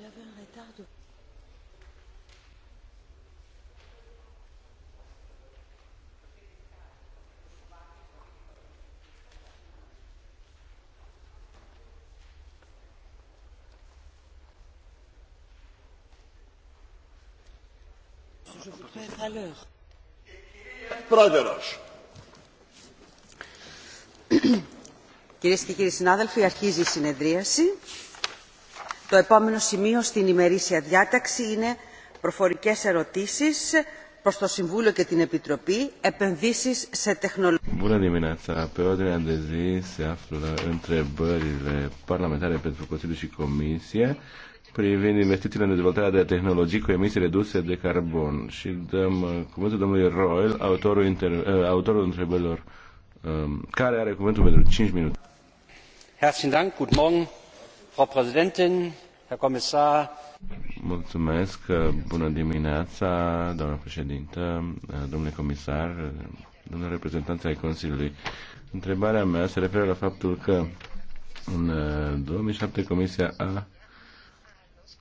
Il avait un retard de je vous prête à l'heure. Πρόεδρος. Κυρίες και κύριοι συνάδελφοι, αρχίζει η συνεδρίαση. Το επόμενο σημείο στην ημερήσια διάταξη είναι προφορικές ερωτήσεις προς το Συμβούλιο και την Επιτροπή, επενδύσεις σε τεχνολογία. Bună dimineața! Pe ordinea de zi se află întrebările parlamentare pentru Consiliu și Comisie privind investițiile în dezvoltarea de tehnologii cu emisii reduse de carbon. Și dăm uh, cuvântul domnului Royal, autorul, inter... Uh, autorul întrebărilor Um, care are cuvântul pentru cinci minute. Herzlichen Dank, guten Morgen, Frau Präsidentin, Herr Kommissar. Mulțumesc, uh, bună dimineața, doamnă președintă, uh, domnule comisar, uh, domnule reprezentanță ai Consiliului. Întrebarea mea se referă la faptul că în 2007 Comisia a